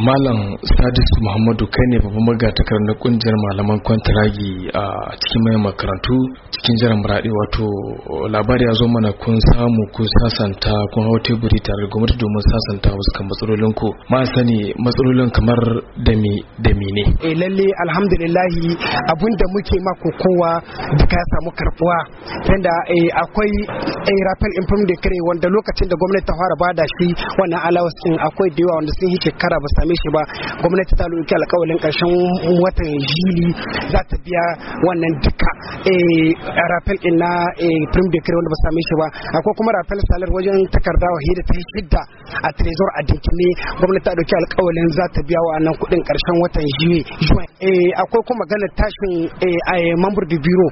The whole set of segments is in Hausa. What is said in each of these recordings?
malam sadis muhammadu kai ne babban magatakar na kungiyar malaman kwantaragi a cikin mai makarantu cikin jiran muradi wato labari ya zo mana kun samu kun sasanta kun hau teburi tare da gwamnati domin sasanta wasu kan matsalolin ku ma sani matsalolin kamar da mi ne eh lalle alhamdulillah abun da muke mako kowa duka ya samu karbuwa tunda eh, akwai a eh, rapel improvement decree wanda lokacin da gwamnati ta fara bada shi wannan allowance din akwai da yawa wanda sun yi shekara ba sami same shi ba gwamnati ta ɗauki alkawalin karshen watan juli za ta biya wannan duka a eh, rafel din na eh, prim bakery wanda ba same shi ba akwai kuma rafel salar wajen takarda wahiyar da ta yi shidda a trezor a dinkine gwamnati ta ɗauki alkawalin za ta biya wa'annan kudin karshen watan juye eh, akwai kuma maganar tashin a mambar da biro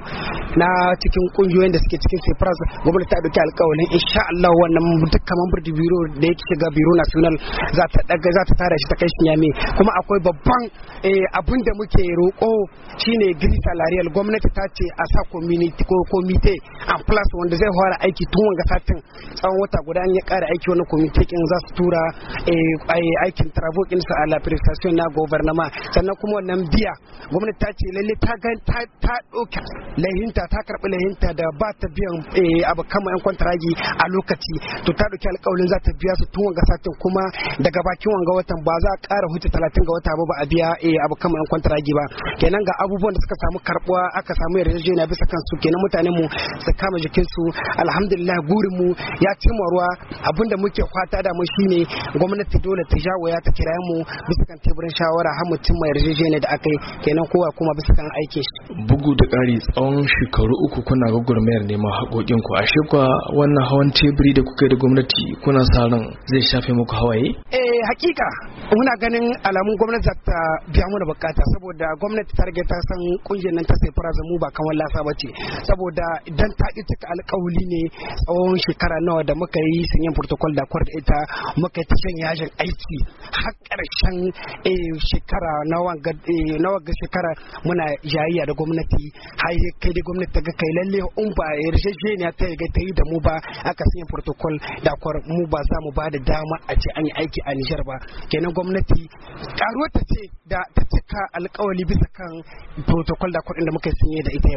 na cikin kungiyoyin da suke cikin sefras gwamnati ta ɗauki alkawalin insha Allah wannan dukkan mambar da biro da ya shiga biro national za ta tara shi ta kai College Niamey kuma akwai babban eh, abin da muke roƙo shine Green Salarial gwamnati ta ce a sa community ko plus wanda zai fara aiki tun wanga satin tsawon wata guda an ya ƙara aiki wani komite kin za su tura eh, aikin travel din a la prestation na government sannan kuma wannan biya gwamnati ta ce lalle ta ga ta ɗauki lahinta ta karɓi lahinta da ba ta biyan eh, abu kama yan kwantaragi a lokaci to ta ɗauki alƙawarin za ta biya su tun wanga satin kuma daga bakin wanga watan ba za kara hutu talatin ga wata ba ba a biya eh, abu kamar kwantaragi ba kenan ga abubuwan da suka samu karbuwa aka samu yarjejeniya bisa kansu kenan mutanen mu su kama jikinsu alhamdulillah gurin mu ya cimma ruwa abinda muke kwata da mu shine gwamnati dole ta jawo ya ta kiraye mu bisa kan teburin shawara har mutum mai yarjejeniya da aka yi kenan kowa kuma bisa kan aikin shi bugu da kari tsawon shekaru uku kuna gwagwarmayar neman haƙoƙin ku ashe shekwa wannan hawan teburi da kuka yi da gwamnati kuna sa ran zai shafe muku hawaye eh eh hakika muna ganin alamun gwamnati za ta biya mana bukata saboda gwamnati ta rage ta san kungiyar nan ta sai fara mu ba kamar lasa bace saboda idan ta ki cika alƙawali ne tsawon shekara nawa da muka yi sanyan protocol da kwar ita muka ta shan yajin aiki har karshen eh, shekara eh, nawa ga shekara muna jayayya da gwamnati har kai da gwamnati ta ga kai lalle in ba ne ta riga ta yi da mu ba aka sanya protocol da kwar mu ba za mu ba da dama a ce an yi aiki a Nijar ba kenan gwamnati karuwa ta ce da ta cika alkawali bisa kan protocol da kuɗin da muka sanye da ita